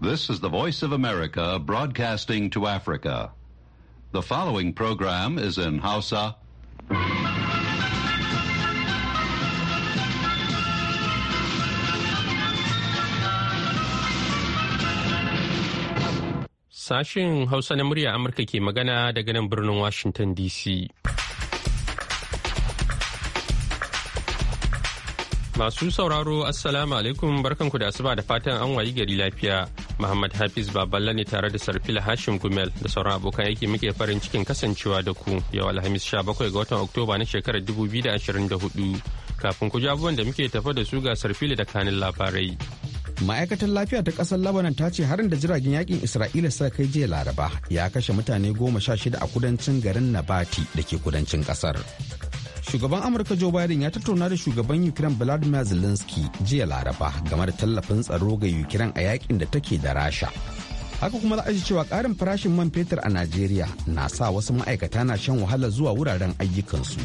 This is the Voice of America broadcasting to Africa. The following program is in Hausa. Sashin Hausa na murya Amurka ke magana daga nan birnin Washington DC. Masu sauraro, Assalamu alaikum barkanku da asuba da fatan an wayi gari lafiya. Muhammad Hafiz Baballa ne tare da Sarfila Hashim Gumel da sauran abokan aiki muke farin cikin kasancewa da ku yau Alhamis 17 ga watan Oktoba na shekarar 2024 kafin ku ji abubuwan da muke tafa da su ga Sarfila da kanin labarai. Ma'aikatar lafiya ta ƙasar Labanan ta ce harin da jiragen yakin Isra'ila suka kai jiya Laraba ya kashe mutane goma sha shida a kudancin garin Nabati da ke kudancin ƙasar. Shugaban Amurka Joe Biden ya tattauna da shugaban Ukraine Vladimir Zelensky jiya Laraba game da tallafin tsaro ga Ukraine a yakin da take da Rasha. Haka kuma za a ji cewa ƙarin farashin man fetur a Najeriya na sa wasu ma'aikata na shan wahala zuwa wuraren ayyukansu,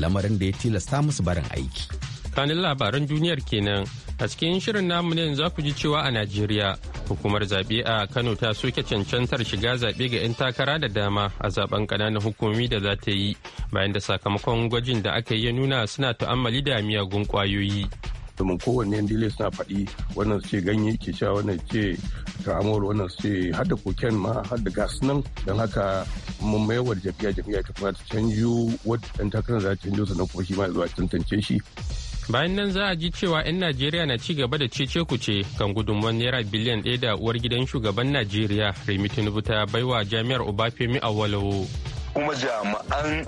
lamarin da ya tilasta musu barin aiki. kanin labaran duniyar kenan a cikin shirin namu ne za ku ji cewa a najeriya hukumar zaɓe a kano ta soke cancantar shiga zaɓe ga 'yan takara da dama a zaben kananan hukumomi da za ta yi bayan da sakamakon gwajin da aka yi ya nuna suna ta'ammali da miyagun kwayoyi. domin kowanne dile suna faɗi wannan ce ganye ke sha wannan ce tramol wannan ce har da koken ma har da gas nan don haka mun mayawar jafiya jam'iyya ta kuma ta canjo wadda ɗan takarar za ta canjo sannan kuma shi ma zuwa tantance shi bayan nan za a ji cewa 'yan najeriya na ci gaba da cece kuce kan gudunmuwan naira biliyan ɗaya da uwar gidan shugaban najeriya remi tinubu ta baiwa jami'ar obafemi awolowo kuma jami'an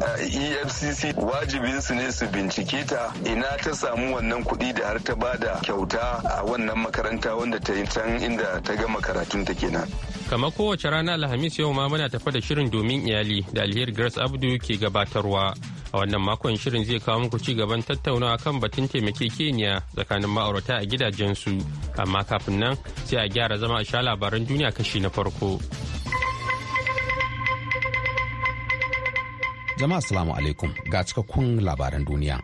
efcc eh, e wajibinsu ne su bincike ta ina ta samu wannan kuɗi da har ta bada kyauta a wannan makaranta wanda ta yi can inda ta gama karatun ta kenan kama kowace rana alhamis yau ma muna tafa da shirin domin iyali da alheri grace abdu ke gabatarwa a wannan makon shirin zai kawo muku ci gaban tattaunawa kan batun keniya tsakanin ma'aurata a gidajensu amma kafin nan sai a gyara zama a sha labaran duniya kashi na farko jama'a salamu alaikum ga cikakkun labaran duniya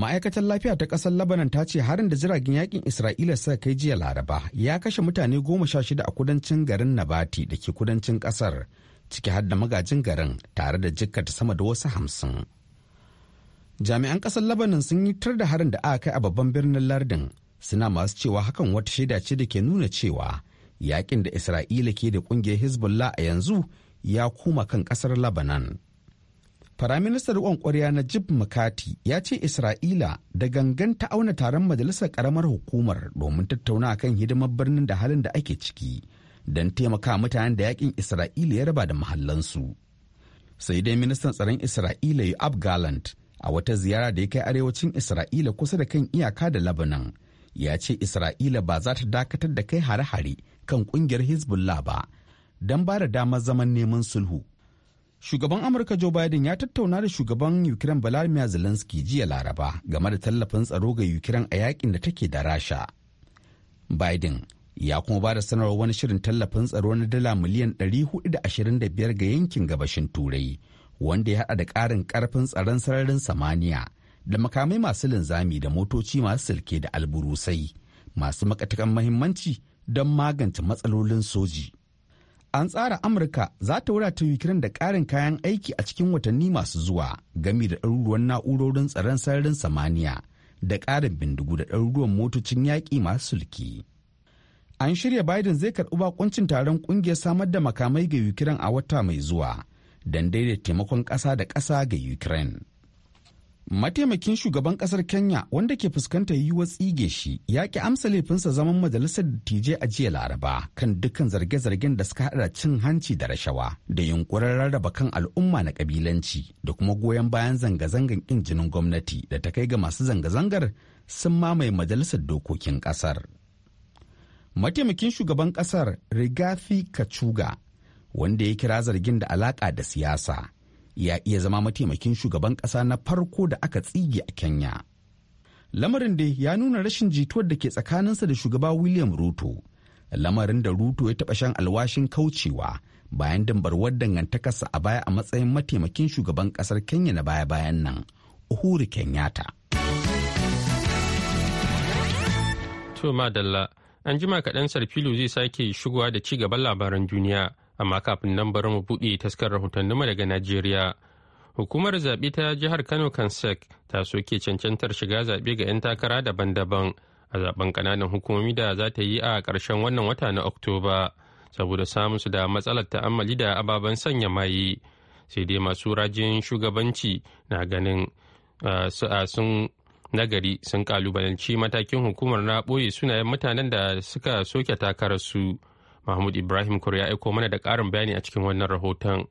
ma'aikatar lafiya ta ƙasar labanan ta ce harin da jiragen yakin isra'ila suka kai jiya laraba ya kashe mutane goma sha shida a kudancin garin nabati da ke kudancin kasar. ciki har da magajin garin tare da jikkata sama da wasu hamsin. Jami'an ƙasar Labanin sun yi tar da harin da aka kai a babban birnin lardin suna masu cewa hakan wata shaida ce da ke nuna cewa yakin da Isra'ila ke da ƙungiyar Hezbollah a yanzu ya kuma kan ƙasar Labanan. Firaministan riƙon ƙwarya na Jib Makati ya ce Isra'ila da gangan ta auna taron majalisar ƙaramar hukumar domin tattauna kan hidimar birnin da halin da ake ciki. don taimaka mutanen da yakin Isra'ila ya raba da mahallansu. Sai dai ministan tsaron Isra'ila Yoab Gallant a wata ziyara da ya kai arewacin Isra'ila kusa da kan iyaka da labanan ya ce Isra'ila ba za ta dakatar da kai hare-hare kan kungiyar Hezbollah ba don ba da damar zaman neman sulhu. Shugaban Amurka Joe Biden ya tattauna da shugaban Ukraine vladimir Zelensky jiya Laraba game da tallafin tsaro ga Ukraine a yakin da take da Rasha. Biden ya kuma ba da sanarwar wani shirin tallafin tsaro na dala miliyan 425 ga yankin gabashin turai wanda ya haɗa da karin ƙarfin tsaron sararin samaniya da makamai masu linzami da motoci masu silke da alburusai masu makatakan mahimmanci don magance matsalolin soji an tsara amurka za ta wadata ukraine da karin kayan aiki a cikin watanni masu zuwa gami da ɗaruruwan na'urorin tsaron sararin samaniya da ƙarin bindigu da ɗaruruwan motocin yaƙi masu sulki. an shirya biden zai karɓi bakuncin taron kungiyar samar da makamai ga ukraine a wata mai zuwa don daidai taimakon ƙasa da ƙasa ga ukraine mataimakin shugaban ƙasar kenya wanda ke fuskantar yiwuwar tsige shi ya ki amsa laifinsa zaman majalisar dattijai a jiya laraba kan dukkan zarge-zargen da suka haɗa cin hanci da rashawa da yunkurin rarraba kan al'umma na kabilanci da kuma goyon bayan zanga zangar injinin gwamnati da ta kai ga masu zanga-zangar sun mamaye majalisar dokokin ƙasar. mataimakin shugaban kasar rigafi kachuga wanda ya kira zargin da alaka da siyasa ya iya zama mataimakin shugaban kasa na farko da aka tsige a kenya lamarin da ya nuna rashin jituwar da ke tsakaninsa da shugaba william ruto lamarin da ruto ya taɓa shan alwashin kaucewa bayan dambarwar dangantakarsa a baya a matsayin mataimakin shugaban kasar kenya na baya-bayan nan uhuru kenyatta to madalla An jima kaɗan Sarfilu zai sake shigowa da ci gaban labaran duniya, amma kafin nan bari mu buɗe taskar rahotanninmu daga Najeriya. Hukumar zaɓe ta jihar Kano Kansek ta soke cancantar shiga zaɓe ga 'yan takara daban-daban a zaɓen ƙananan hukumomi da za ta yi a ƙarshen wannan wata na Oktoba, saboda samun da matsalar ta'ammali da ababen sanya maye. Sai dai masu rajin shugabanci na ganin ah, ah, sun nagari sun kalubalanci matakin hukumar na ɓoye sunayen mutanen da suka soke takararsu mahmud ibrahim kur ya aiko mana da ƙarin bayani a cikin wannan rahoton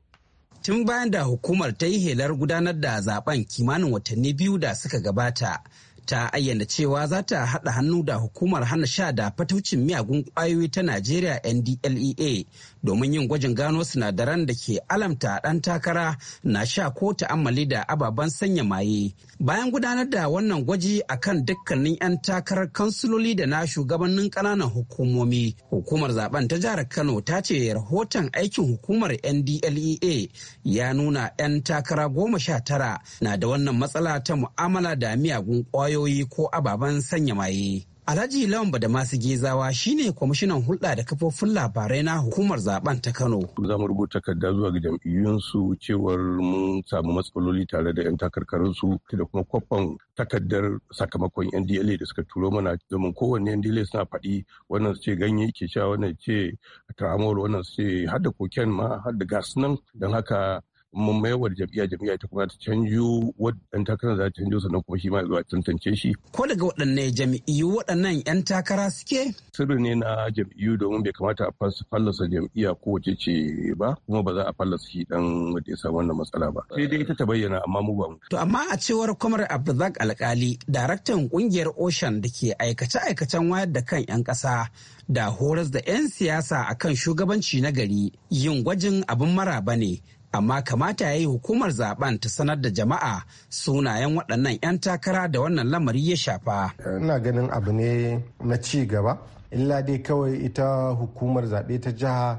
tun bayan da hukumar ta yi helar gudanar da zaben kimanin watanni biyu da suka gabata ta ayyana cewa za ta haɗa hannu da hukumar hana sha da fataucin miyagun ƙwayoyi ta najeriya ndlea domin yin gwajin gano sinadaran da ke alamta ɗan takara na sha ko ta'ammali da ababen sanya maye. Bayan gudanar da wannan gwaji a kan dukkanin 'yan takarar kansiloli da na shugabannin ƙananan hukumomi, hukumar zaben ta jihar Kano ta ce rahoton aikin hukumar NDLEA ya nuna 'yan takara goma sha tara na da wannan matsala ta mu'amala da miyagun ƙwayoyi ko ababen sanya maye. Alhaji Lawan masu Gezawa shine kwamishinan hulɗa da kafofin labarai na hukumar zaben ta Kano. Za mu rubuta takarda zuwa ga jam'iyyunsu cewar mun samu matsaloli tare da 'yan takarkarinsu da kuma kwafan takardar sakamakon NDLA da suka turo mana domin kowanne NDLA suna faɗi wannan su ce ganye ke sha wannan ce tramor wannan su ce har da koken ma har da gas nan don haka mun mayarwar jam'iyya jam'iyya ta kuma ta canjo wadda takara za ta canjo sannan kuma shi ma zuwa tantance shi. Ko daga waɗanne jam'iyyu waɗannan 'yan takara suke? Sirri ne na jam'iyyu domin bai kamata a fallasa jam'iyya ko wace ce ba kuma ba za a fallasa shi dan wanda ya samu wannan matsala ba. Sai dai ita ta bayyana amma mu ba To amma a cewar Kwamar abdulzak Alkali, daraktan kungiyar Ocean da ke aikace-aikacen wayar da kan 'yan ƙasa da horas da 'yan siyasa akan shugabanci na gari yin gwajin abin maraba ne amma kamata ya yi hukumar zaben ta sanar da jama'a sunayen waɗannan 'yan takara da wannan lamari ya shafa. Ina ganin abu ne na ci gaba, illa dai kawai ita hukumar zaɓe ta jiha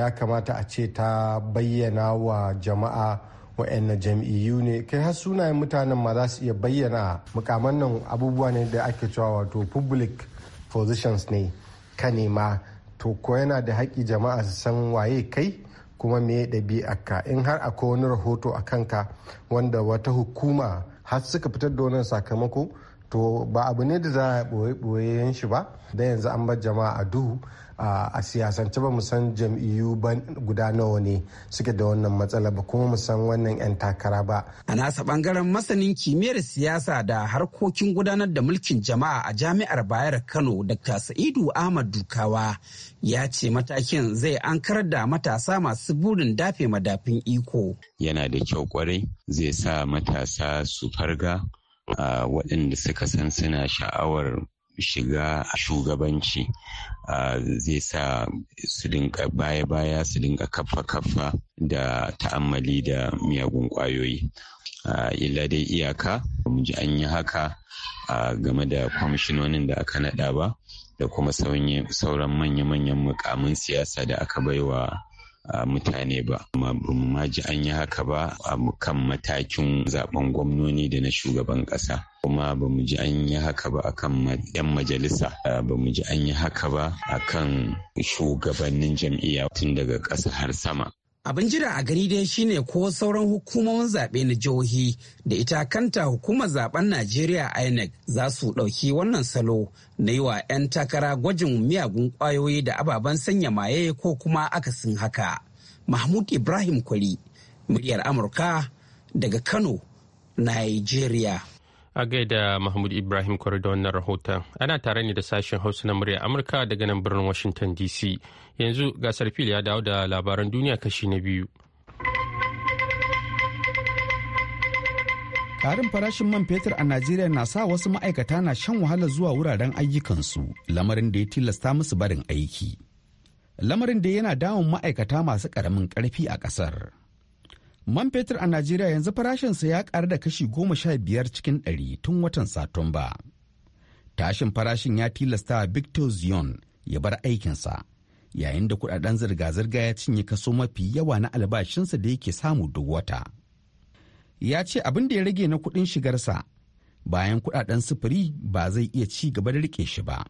ya kamata a ce ta bayyana wa jama'a wa'annan jam'iyyu ne kai har sunayen mutanen ma za su iya bayyana mukaman nan abubuwa ne da ake cewa wato public positions ne ka nema to ko yana da haƙƙi jama'a su san waye kai kuma me ka in har akwai wani rahoto a kanka wanda wata hukuma har suka fitar da wannan sakamako to ba abu ne da za a ɓoye-ɓoyen shi ba da yanzu an bar jama'a a duhu a siyasance ba mu san jam'iyyu ba guda nawa ne suke da wannan matsala ba kuma mu san wannan 'yan takara ba. A nasa bangaren masanin kimiyyar siyasa da harkokin gudanar da mulkin jama'a a jami'ar Bayar Kano Dr. Sa'idu Ahmad Dukawa ya ce matakin zai ankar da matasa masu burin dafe madafin iko. Yana da kyau kwarai zai sa matasa su farga waɗanda suka san suna sha'awar shiga shugabanci Ah, zai sa su dinka baya-baya su dinka kaffa-kaffa da ta'ammali da miyagun kwayoyi ah, illa dai iyaka mu ji an yi haka ah, game da kwamishinonin da aka naɗa ba da kuma sauran manya-manyan mukamin siyasa da aka baiwa A mutane ba. ma ji an yi haka ba a kan matakin zaben gwamnoni da na shugaban ƙasa. kuma ba mu ji an yi haka ba akan 'yan majalisa ba mu ji an yi haka ba a kan shugabannin jam'iyya tun daga ƙasa har sama Abin jira a gani dai shine ko sauran hukumomin zaɓe na jihohi da ita kanta hukumar zaben Najeriya INEC za su ɗauki wannan salo na yi wa 'yan takara gwajin miyagun ƙwayoyi da ababen sanya maye ko kuma akasin haka. Mahmud Ibrahim Kwari, muryar Amurka daga Kano, Nigeria. A gaida Mahmud Ibrahim Kwari da wannan rahoton ana tare ne da sashen Hausa na murya Amurka daga nan birnin Washington DC. Yanzu gasar fil ya dawo da labaran duniya kashi na biyu. Karin farashin man fetur a Najeriya na sa wasu ma'aikata na shan wahala zuwa wuraren ayyukansu, lamarin da ya tilasta musu barin aiki. Lamarin da yana damun ma'aikata masu ƙaramin ƙarfi a ƙasar. Man fetur a Najeriya yanzu farashinsa ya ƙaru da kashi goma sha biyar cikin ɗari tun watan Satumba. Tashin farashin ya tilasta Victor Zion ya bar aikinsa, yayin da kuɗaɗen zirga-zirga ya cinye kaso mafi yawa na albashinsa da yake samu duk wata. Ya ce abin da ya rage na kuɗin shigarsa bayan kuɗaɗen sufuri ba zai iya ci gaba da riƙe shi ba.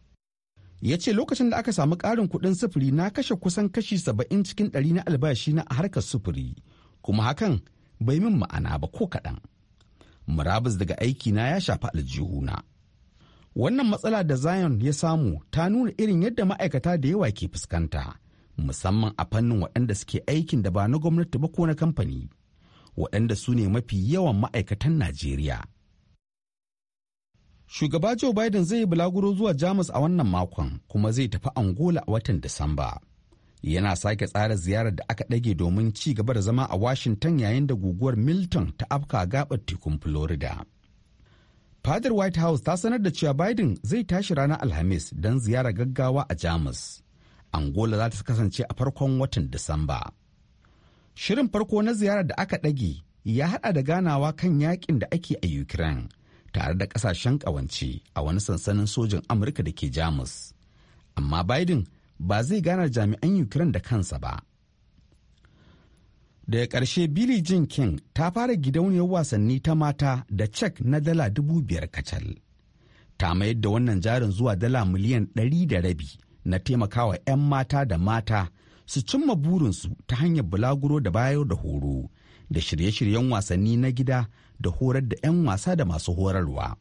Ya ce lokacin da aka samu ƙarin kuɗin sufuri na kashe kusan kashi saba'in cikin ɗari na albashi na harkar sufuri. kuma hakan bai min ma'ana ba ko kaɗan. Murabus daga aikina ya shafi na. Wannan matsala da Zion ya samu ta nuna irin yadda ma'aikata da yawa ke fuskanta, musamman a fannin waɗanda suke aikin da ba na gwamnati ba ko na kamfani, waɗanda su ne mafi yawan ma'aikatan Najeriya. Shugaba Joe Biden zai yi bulaguro zuwa Jamus a wannan makon kuma zai tafi Angola a watan Disamba. yana sake tsara ziyarar da aka ɗage domin ci gaba da zama a washington yayin da guguwar milton ta afka gabar tekun florida fadar white house ta sanar da cewa biden zai tashi ranar alhamis don ziyara gaggawa a jamus angola za ta kasance a farkon watan disamba shirin farko na ziyarar da aka ɗage ya haɗa da ganawa kan yakin da ake a ukraine tare da ƙasashen ƙawance a wani sansanin sojin amurka da ke jamus amma biden ba zai gana jami'an ukraine da kansa ba daga ƙarshe Billy jean king ta fara gidauniyar wasanni ta mata da cek na dala dubu biyar kacal ta mayar da wannan jarin zuwa dala miliyan ɗari da rabi na taimakawa 'yan mata da mata su cimma burinsu ta hanyar bulaguro da bayar da horo da shirye-shiryen wasanni na gida da horar da 'yan wasa da masu horarwa.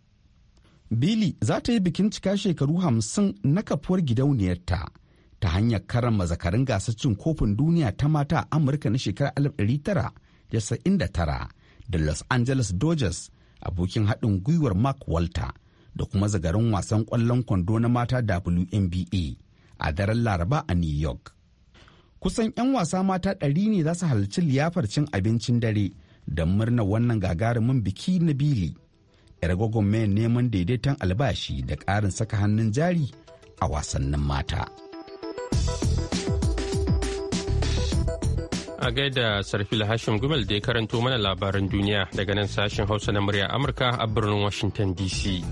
Billy za ta yi bikin cika shekaru hamsin na kafuwar gidauniyarta ta hanyar karama zakarin gasar cin kofin duniya ta mata a Amurka na shekarar 1999 da Los Angeles Dodgers abokin haɗin gwiwar Mark Walter da kuma zagarin wasan ƙwallon kwando na mata WNBA a daren Laraba a New York. Kusan 'yan wasa mata ɗari ne za su halarci liyafar cin abincin dare don murnar wannan gagarumin biki na bili. 'Yar gwagwarmayar neman daidaiton albashi da ƙarin saka hannun jari a wasannin mata. A gaida Sarfil Hashim Gumel da ya karanto mana labaran duniya daga nan sashen Hausa na murya Amurka a birnin Washington DC.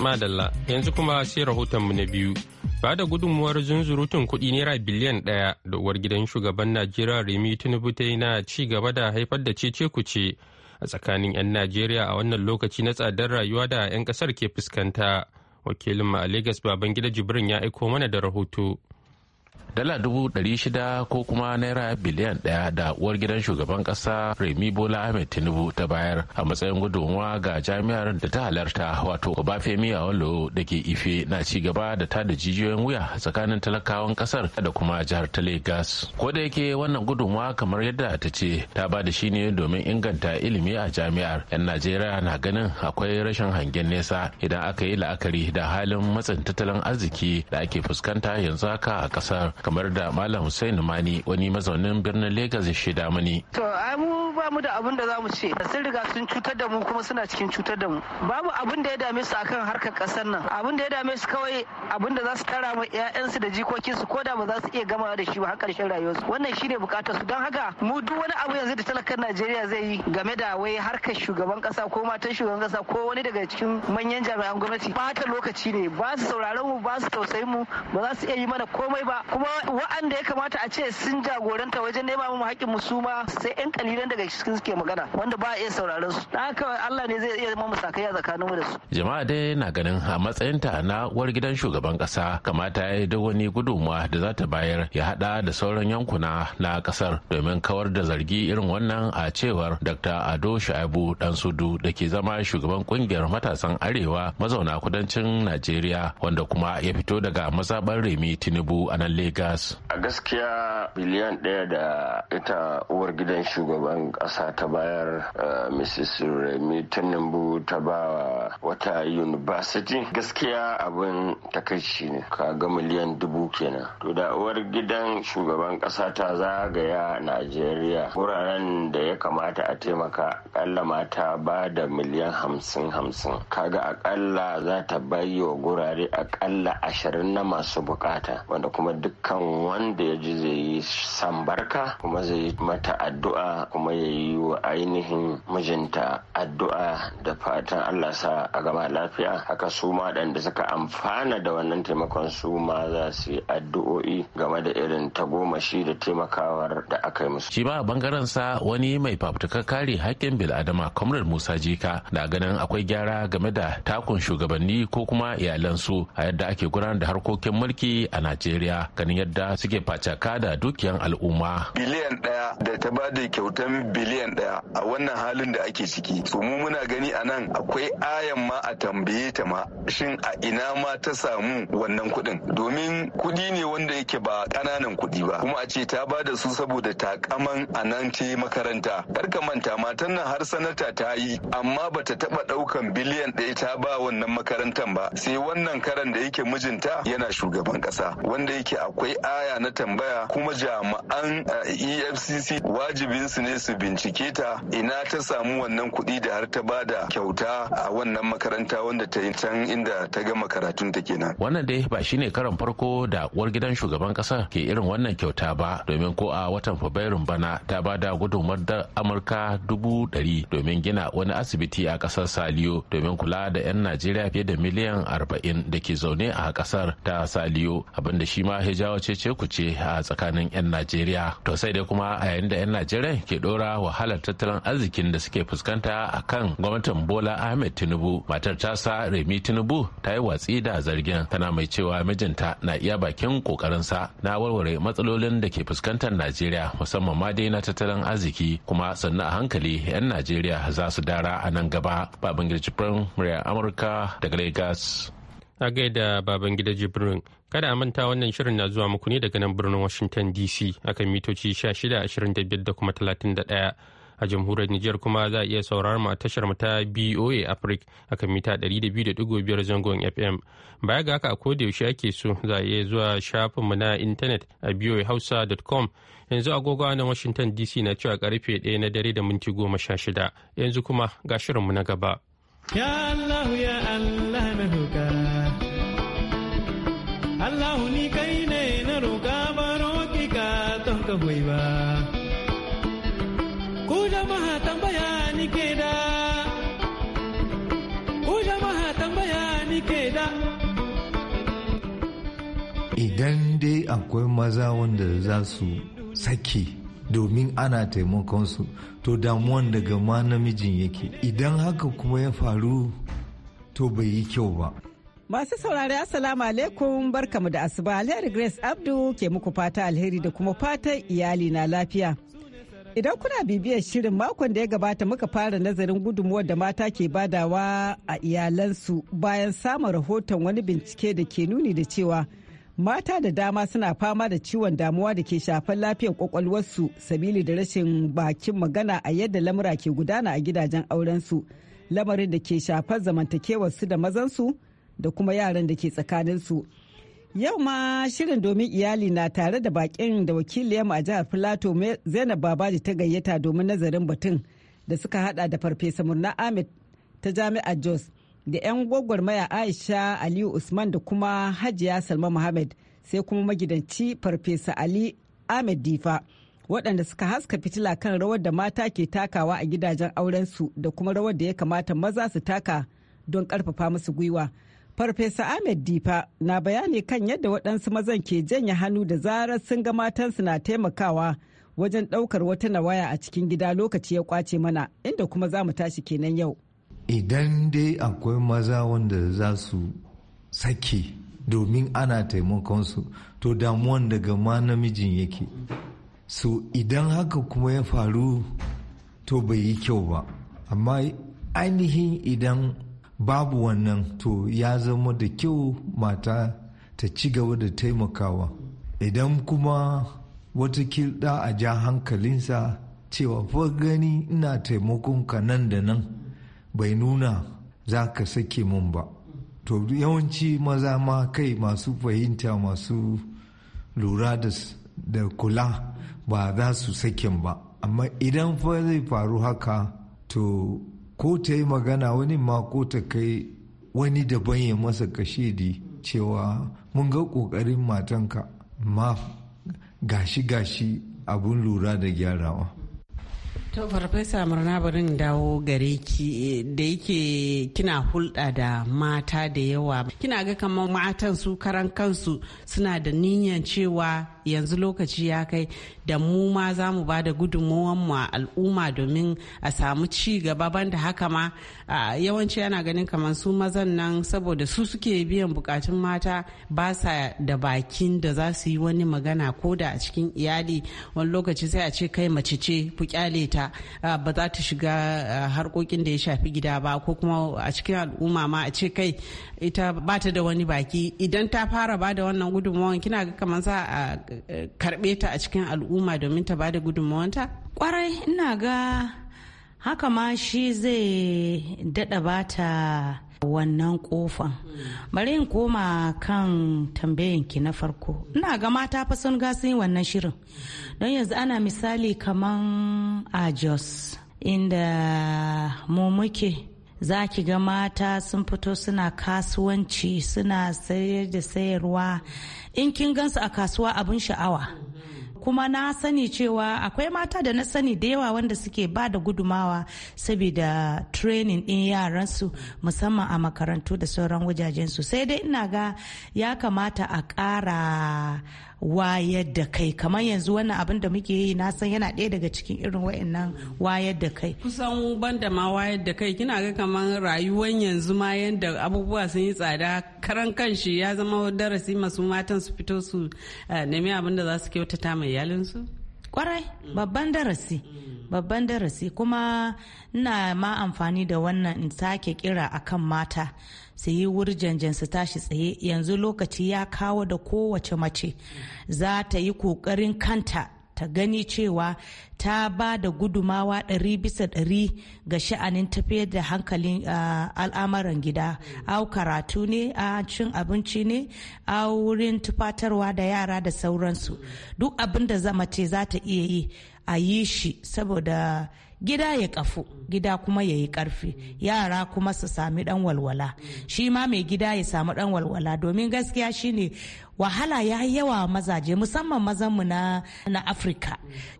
Madalla, yanzu kuma sai rahotonmu na biyu. Ba da gudunmuwar zunzurutun kuɗi naira biliyan ɗaya da uwar gidan shugaban Najeriya Remi Tinubu ta yi na ci gaba da haifar da cece kuce. ce a tsakanin 'yan Najeriya a wannan lokaci na tsadar rayuwa da 'yan ƙasar ke fuskanta. Wakilin a Legas Babangida Jibrin ya aiko mana da rahoto. dala dubu ɗari shida ko kuma naira biliyan ɗaya da uwar gidan shugaban ƙasa remi bola ahmed tinubu ta bayar a matsayin gudunmuwa ga jami'ar da ta halarta wato obafemi wallo da ke ife na ci gaba da da jijiyoyin wuya tsakanin talakawan ƙasar da kuma jihar ta lagos ko da yake wannan gudunmuwa kamar yadda ta ce ta ba da shi ne domin inganta ilimi a jami'ar yan najeriya na ganin akwai rashin hangen nesa idan aka yi la'akari da halin matsin tattalin arziki da ake fuskanta yanzu haka a ƙasar kamar da malam hussein mani wani mazaunin birnin legas ya shaida mani to ai mu ba mu da abin da za mu ce sun riga sun cutar da mu kuma suna cikin cutar da mu babu abin da ya dame su akan harkar kasar nan abin da ya dame su kawai abin da za su tara ma ƴaƴansu da jikokinsu ko da ba za su iya gama da shi ba har ƙarshen rayuwarsu wannan shine bukatar su don haka mu duk wani abu yanzu da talakan Najeriya zai yi game da wai harkar shugaban kasa ko matan shugaban kasa ko wani daga cikin manyan jami'an gwamnati ta lokaci ne ba su sauraron mu ba su tausayin mu ba za su iya yi mana komai ba kuma wa'anda ya kamata a ce sun jagoranta wajen nema mu haƙƙin mu su ma sai yan kalilan daga cikin suke magana wanda ba a iya sauraron su dan haka Allah ne zai iya zama musakaiya tsakanin mu da su jama'a dai na ganin a matsayin ta na uwar gidan shugaban kasa kamata ya yi duk wani gudunmuwa da za ta bayar ya hada da sauran yankuna na kasar domin kawar da zargi irin wannan a cewar dr ado shaibu dan sudu da ke zama shugaban kungiyar matasan arewa mazauna kudancin najeriya wanda kuma ya fito daga mazaɓar remi tinubu a nan lagos gas a gaskiya biliyan ɗaya da ita uwar gidan shugaban ƙasa ta bayar eh, mrs remi tinubu ta ba wata university gaskiya abin takaici ne ka ga miliyan dubu kenan to da uwar gidan shugaban ƙasa ta zagaya najeriya wuraren da ya kamata a taimaka ƙalla mata ba da miliyan hamsin hamsin kaga akalla za ta bayi wa gurare aƙalla ashirin na masu bukata wanda kuma dukkan kan wanda ya ji zai yi sambarka kuma zai yi mata addu'a kuma ya yi wa ainihin mijinta addu'a da fatan Allah sa a gama lafiya haka su ma da suka amfana da wannan taimakon su ma za su yi addu'o'i game da irin ta tagomashi da taimakawar da aka yi musu. Shi ba bangaren sa wani mai fafutuka kare hakkin bil'adama kamar Musa Jika na ganin akwai gyara game da takun shugabanni ko kuma iyalansu a yadda ake gudanar da harkokin mulki a Najeriya ganin yadda suke facaka da dukiyan al'umma biliyan ɗaya da ta ba da kyautan biliyan ɗaya a wannan halin da ake ciki To mu muna gani a nan akwai ayan ma a tambaye ta ma shin a ina ma ta samu wannan kuɗin domin kuɗi ne wanda yake ba ƙananan kuɗi ba kuma a ce ta ba da su saboda takaman a nan ce makaranta kar ka manta matan nan har sanata ta yi amma ba ta taɓa ɗaukan biliyan ɗaya ta ba wannan makarantar ba sai wannan karan da yake mijinta yana shugaban ƙasa wanda yake akwai akwai aya na tambaya kuma jami'an efcc eh, e wajibin su ne su bincike ta ina ta samu wannan kuɗi da har ta bada kyauta a wannan makaranta wanda ta yi can inda ta gama karatun ta kenan wannan dai ba shine karan farko da uwar gidan shugaban kasa ke irin wannan kyauta ba domin ko a watan fabrairun bana ta bada gudunmar da amurka dubu ɗari domin gina wani asibiti a kasar saliyo domin kula da 'yan najeriya fiye da miliyan arba'in da ke zaune a kasar ta saliyo abinda shi ma ya jawo cece ce a tsakanin 'yan najeriya to sai dai kuma a yayin da 'yan najeriya ke dora wahalar tattalin arzikin da suke fuskanta a kan gwamnatin bola ahmed tinubu matar tasa remi tinubu ta yi watsi da zargin tana mai cewa mijinta na iya bakin kokarinsa na warware matsalolin da ke fuskantar najeriya musamman ma dai na tattalin arziki kuma sannan a hankali 'yan najeriya za su dara a nan gaba babin firin murya amurka daga lagos a gaida baban gida jibrin kada a manta wannan shirin na zuwa muku ne daga nan birnin washington dc akan mitoci 1625 da kuma 31 a jamhuriyar nijar kuma za a iya saurar mu a tashar mu ta boa africa akan mita 200.5 zangon fm baya ga haka a koda yaushe ake so za a iya zuwa shafin mu na intanet a boahausa.com yanzu agogo na washington dc na cewa karfe 1 na dare da minti 16 yanzu kuma ga shirin mu na gaba ya allah ya allah in dai akwai maza wanda za su sake domin ana taimakonsu to damuwan daga ma namijin yake idan haka kuma ya faru to bai yi kyau ba masu saurari assalamu alaikum barkamu da asuba alheri grace abdu ke muku fata alheri da kuma fatan iyali na lafiya Idan kuna bibiyar shirin makon da ya gabata muka fara nazarin gudunmuwar da mata ke badawa a iyalansu bayan samun rahoton wani bincike da ke nuni da cewa mata da dama suna fama da ciwon damuwa da ke shafar lafiyar kwakwalwarsu sabili da rashin bakin magana a yadda lamura ke gudana a gidajen aurensu lamarin da ke shafar zamantakewarsu da mazansu da kuma yaran da ke tsakaninsu yau ma shirin domin iyali na tare da bakin da wakiliyarmu a jihar filato zainab babaji ta gayyata domin nazarin batun da suka hada da farfesa murna ahmed ta jami'ar jos da 'yan gwagwarmaya aisha aliyu usman da kuma hajiya salma muhammad sai kuma magidanci farfesa ali ahmed difa waɗanda suka haska fitila kan rawar da mata ke takawa a gidajen aurensu da kuma rawar da ya kamata maza su taka don ƙarfafa musu gwiwa farfesa ahmed difa na bayani kan yadda waɗansu mazan ke janye hannu da zarar sun ga matansu na taimakawa wajen ɗaukar wata nawaya a cikin gida lokaci ya kwace mana inda kuma za mu tashi kenan yau. idan dai akwai maza wanda za su sake domin ana taimakonsu to damuwan daga ma namijin yake so idan haka kuma ya faru to bai yi kyau ba amma ainihin idan babu wannan to ya zama da kyau mata ta ci gaba da taimakawa idan kuma wata kilda a ja hankalinsa cewa fa gani ina taimakon ka nan da nan bai nuna za ka sake mun ba to yawanci maza ma kai masu fahimta masu lura da kula ba za su saken ba amma idan fa zai faru haka to ko ta yi magana wani ma ko ta kai wani daban ya masa di cewa mun ga ƙoƙarin matanka ma gashi-gashi abun lura da gyarawa To farfesa murna barin dawo gare ki eh, da yake kina hulɗa da mata da yawa kina ga kamar matan su karan kansu suna da niyyar cewa yanzu lokaci ya kai da mu ma za mu ba da gudunmuwan mu a al'umma domin a samu ci gaba banda haka ma yawanci yana ganin kamar su mazan nan saboda su suke biyan bukatun mata ba sa da bakin da za su yi wani magana ko da a cikin iyali wani lokaci sai a ce kai mace ce ku kyale ta ba za ta shiga harkokin da ya shafi gida ba ko kuma a cikin al'umma ma a ce kai ita ba ta da wani baki idan ta fara ba da wannan gudunmawan kina ga kamar za a karɓe ta a cikin al'umma domin ta bada gudunmawanta? Kwarai ina ga haka ma shi zai daɗa bata wannan kofan bari in koma kan tambayinki na farko ina ga mata fa sun gasi wannan shirin don yanzu ana misali kaman a jos inda mu muke za ki ga mata sun fito suna kasuwanci suna sayar da sayarwa in kin gansu a kasuwa abin sha'awa kuma na sani cewa akwai mata da na sani da yawa wanda suke ba da gudumawa saboda training din yaransu musamman a makarantu da sauran wajajensu sai dai ina ga ya kamata a ƙara wayar da kai kamar yanzu wannan abin da muke yi na san yana ɗaya daga cikin irin wayannan wayar da kai kusan banda ma wayar da kai kina ga kamar rayuwar yanzu ma yanda abubuwa sun yi tsada karan kanshi ya zama darasi masu matan su fito su eh, nemi abin da za su kyautata mai iyalinsu kwarai babban darasi babban darasi kuma ina ma amfani da wannan in sake kira akan mata sai yi janjansa su tashi tsaye yanzu lokaci ya kawo da kowace mace za ta yi kokarin kanta ta gani cewa ta ba da gudumawa ɗari bisa ɗari ga sha'anin tafiyar da hankalin al'amuran gida au karatu ne a cin abinci ne a wurin tufatarwa da yara da sauransu duk abin da zama ce za ta iya yi a yi shi saboda gida ya kafu gida kuma ya yi karfi yara kuma su sami dan walwala shi ma mai gida ya sami dan walwala domin gaskiya shine wahala ya yi yawa mazaje musamman mazanmu na na afirka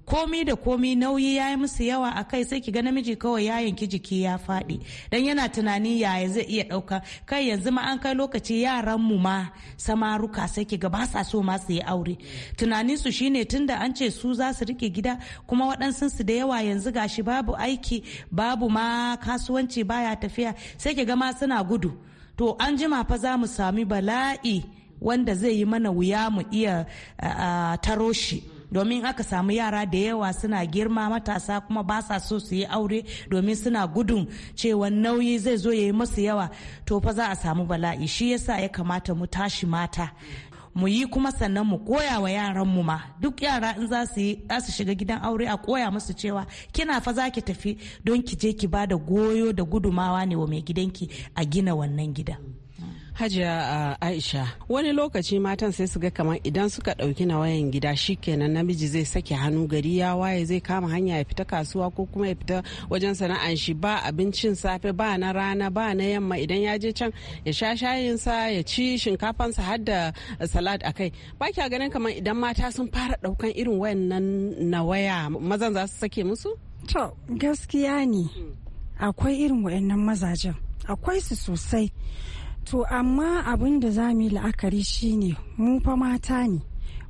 komi da komi nauyi ya yi musu yawa a kai sai ki ga namiji kawai ya yanki jiki ya faɗi dan yana tunani yaya zai iya ɗauka kai yanzu ma an kai lokaci yaran mu ma samaruka sai ki ga ba sa so ma su yi aure tunanin su shine tunda an ce su za su rike gida kuma waɗansu su da yawa yanzu gashi babu aiki babu ma kasuwanci baya tafiya sai ki ga ma suna gudu to an jima fa za mu sami bala'i wanda zai yi mana wuya mu iya taro shi domin aka samu yara da yawa suna girma matasa kuma ba sa so su yi aure domin suna gudun cewa nauyi zai zo ya yi masu yawa to fa za a samu bala'i shi yasa ya kamata mu tashi mata mu yi kuma sannan mu koya wa yaran mu ma duk yara in za su su shiga gidan aure a koya musu cewa kina fa za ki tafi don ki je ki ba da goyo da gudumawa ne wa mai gidanki a gina wannan gida. hajiya uh, aisha wani lokaci matan sai su ga kamar idan suka ɗauki na wayan gida shikenan namiji zai sake hannu gari ya waye zai kama hanya ya fita kasuwa ko kuma ya fita wajen sana'an shi ba abincin safe ba na rana ba na yamma idan ya je can ya sha shayinsa ya ci shinkafansa har da salad a kai ba kya ganin kamar idan mata sun fara ɗaukan irin wayannan na waya mazan za su sake musu to gaskiya ne akwai irin wayannan mazajen akwai su sosai To amma abin da za mu yi la'akari shine mu fa mata ne,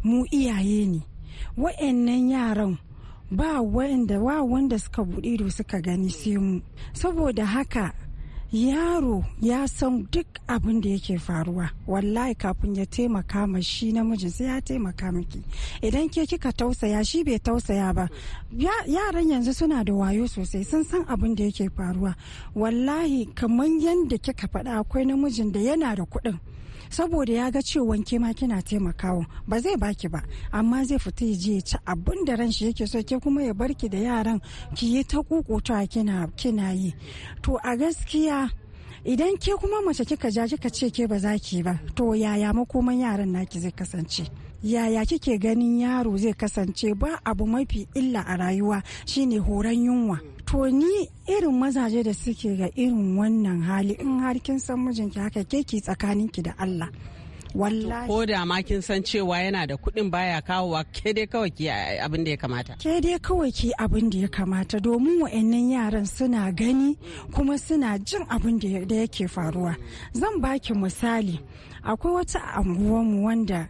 mu iyaye ne, wa'annan yaran ba wanda wa wanda suka buɗe ido suka gani sai mu. Saboda haka yaro ya san duk abin da yake faruwa wallahi kafin ya taimaka ma shi namijin sai ya taimaka miki idan ke kika tausaya shi bai tausaya ba yaran yanzu suna da wayo sosai sun san abin da yake faruwa wallahi kamar yadda kika faɗa akwai namijin da yana da kuɗin saboda ya ga cewa ke ma kina taimakawa ba zai baki ba amma zai fita ya je ya ci abin da ran shi yake so ke kuma ya barki da yaran ki yi ta kukuta kina kina yi to a gaskiya idan ke kuma mace kika ja kika ce ke ba za ki ba to yaya makoman yaran naki zai kasance yaya kike ganin yaro zai kasance ba abu mafi illa a rayuwa shine horon yunwa to ni irin mazaje da suke ga irin wannan hali in har kin san mijinki haka ke ki tsakaninki da Allah wallahi ko da ma kin san cewa yana da kuɗin baya kawowa ke dai kawai ki abin da ya kamata ke dai kawai ki abin da ya kamata domin wa'annan yaran suna gani kuma suna jin abin da yake faruwa zan baki misali akwai wata anguwanmu wanda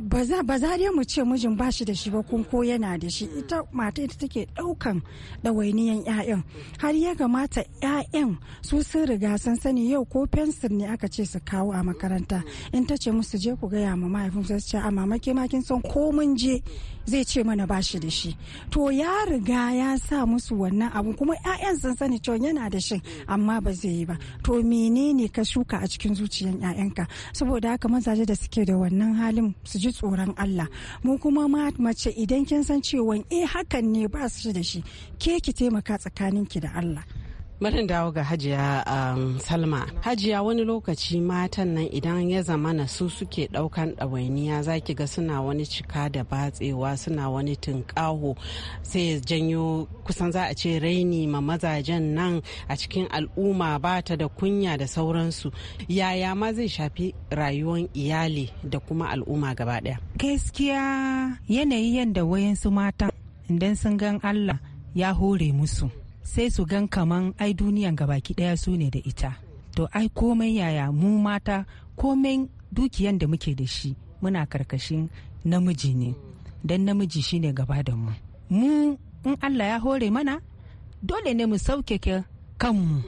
ba za dai mu ce mijin ba shi da shi ba kun ko yana da shi ita mata ita take daukan ɗawainiyan 'ya'yan har ya gamata 'ya'yan su sun riga sun sani yau ko fensir ne aka ce su kawo a makaranta in ta ce musu je ku gaya ma mahaifin su ce a mama makin son san ko mun je zai ce mana ba shi da shi to ya riga ya sa musu wannan abu kuma 'ya'yan sun sani cewa yana da shi amma ba zai yi ba to menene ka shuka a cikin zuciyan 'ya'yanka saboda haka mazaje da suke da wannan halin su ji tsoron Allah mu kuma mace idan kin san cewa eh hakan ne ba su da shi ke ki taimaka tsakaninki da Allah marin dawo ga Hajiya um, Salma. Hajiya wani lokaci matan nan idan ya zamana su suke daukan ɗawainiya za ki ga suna wani cika da batsewa suna wani tunkaho sai janyo kusan za a ce raini ma mazajen nan a cikin al'umma ba ta da kunya da sauransu. Yaya ma zai shafi rayuwar iyali da kuma al'umma gaba ɗaya. Gaskiya yanayi yanda wayansu matan idan sun gan Allah ya hore musu. sai su gan kaman ai duniyan gabaki daya su ne da ita to ai komai yaya mu mata komai dukiyan da muke da shi muna karkashin namiji ne don namiji shine gaba da mu mu in allah ya hore mana dole ne mu sauke kanmu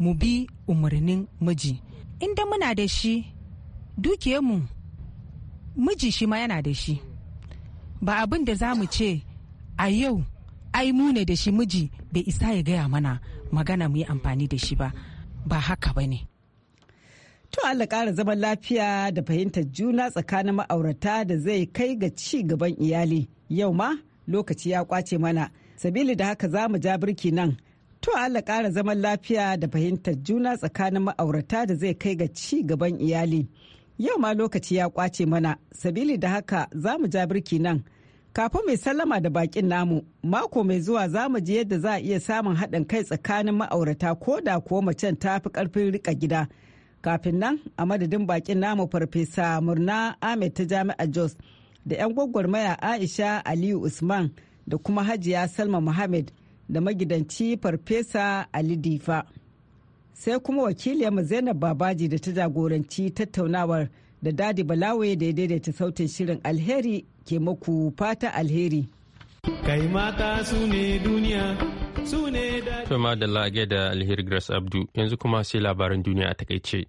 mu bi umarnin miji inda muna da shi mu miji shi ma yana da shi ba abin da za mu ce a yau ai mu ne da shi miji bai isa ya gaya mana magana mu yi amfani da shi ba ba haka ba ne to Allah ƙara zaman lafiya da fahimtar juna tsakanin ma'aurata da zai kai ga ci gaban iyali yau ma lokaci ya kwace mana sabili da haka za mu ja birki nan to Allah ƙara zaman lafiya da fahimtar juna tsakanin ma'aurata da zai kai ga ci gaban iyali yau ma lokaci ya kwace mana sabili da haka za mu ja birki nan Kafin mai sallama da bakin namu, mako mai zuwa za mu ji yadda za a iya samun haɗin kai tsakanin ma'aurata ko da kuwa macen ta fi ƙarfin rika gida. Kafin nan, a madadin bakin namu farfesa murna Ahmed ta jami'ar Jos da 'yan gwagwarmaya Aisha Aliyu Usman da kuma Hajiya Salma Muhammad da magidanci farfesa Ali Difa. Sai kuma wakiliyarmu Zainab Babaji da ta jagoranci tattaunawar. da Dadi Balawe da ya daidaita sautin shirin alheri ke maku fata alheri. Kai mata su ne duniya su ne da. da lage da alheri Grace Abdu yanzu kuma sai labaran duniya a takaice.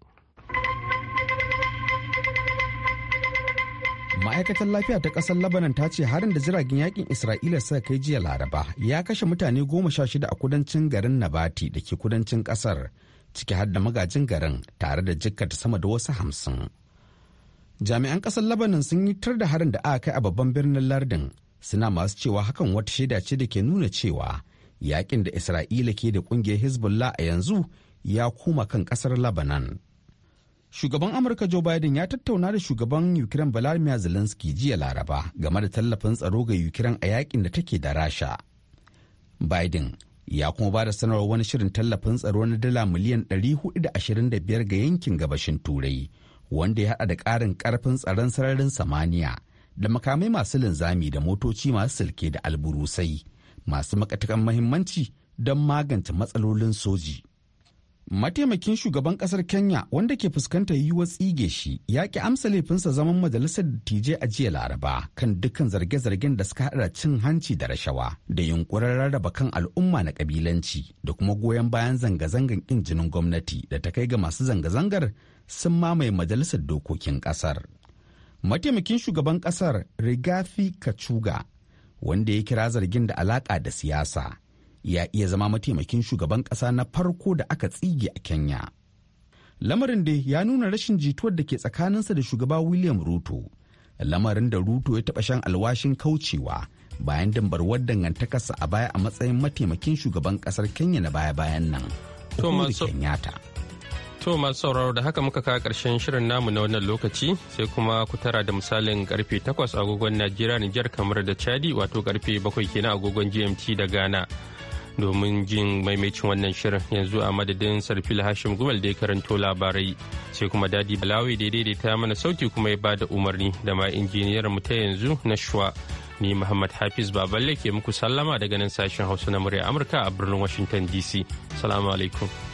ma'aikatar lafiya ta kasar labanan ta ce harin da jiragen yakin isra'ila suka kai jiya laraba ya kashe mutane goma sha shida a kudancin garin nabati da ke kudancin kasar ciki har da magajin garin tare da jikkata sama da wasu hamsin jami'an ƙasar labanin sun yi tar da harin da aka kai a babban birnin lardin suna masu cewa hakan wata shaida ce da ke nuna cewa yakin da isra'ila ke da ƙungiyar hezbollah a yanzu ya koma kan ƙasar labanan shugaban amurka joe biden ya tattauna da shugaban ukraine vladimir zelensky jiya laraba game da tallafin tsaro ga ukraine a yakin da take da rasha biden ya kuma ba da sanarwar wani shirin tallafin tsaro na dala miliyan 425 ga yankin gabashin turai wanda ya haɗa da ƙarin ƙarfin tsaron sararin samaniya da makamai masu linzami da motoci masu silke da alburusai masu makatakan mahimmanci don magance matsalolin soji. Mataimakin shugaban ƙasar Kenya wanda ke fuskantar yiwuwar tsige shi ya ki amsa laifinsa zaman majalisar dattijai a jiya Laraba kan dukkan zarge-zargen da suka haɗa cin hanci da rashawa da yunkurar rarraba kan al'umma na ƙabilanci da kuma goyon bayan zanga-zangan ƙin jinin gwamnati da ta kai ga masu zanga-zangar sun mamaye majalisar dokokin kasar mataimakin shugaban kasar rigafi kachuga wanda ya kira zargin da alaƙa da siyasa ya iya zama mataimakin shugaban ƙasa na farko da aka tsige a kenya lamarin da ya nuna rashin jituwar da ke tsakaninsa da shugaba william ruto lamarin da ruto ya taɓa shan alwashin kaucewa bayan dambarwar dangantakarsa a baya a matsayin mataimakin shugaban ƙasar kenya na baya-bayan nan Thomas Kenyatta. To masu sauraro da haka muka kawo ƙarshen shirin namu na wannan lokaci sai kuma ku tara da misalin karfe 8 agogon Najeriya Nijar kamar da Chadi wato karfe 7 kenan agogon GMT da Ghana. Domin jin maimacin wannan shirin yanzu a madadin Sarfil Hashim Gumal da ya karanto labarai sai kuma Dadi Balawi da daidaita mana sauti kuma ya bada umarni da ma injiniyar mu ta yanzu na Shuwa. Ni Muhammad Hafiz Baballe ke muku sallama daga nan sashen Hausa na murya Amurka a birnin Washington DC. Salamu alaikum.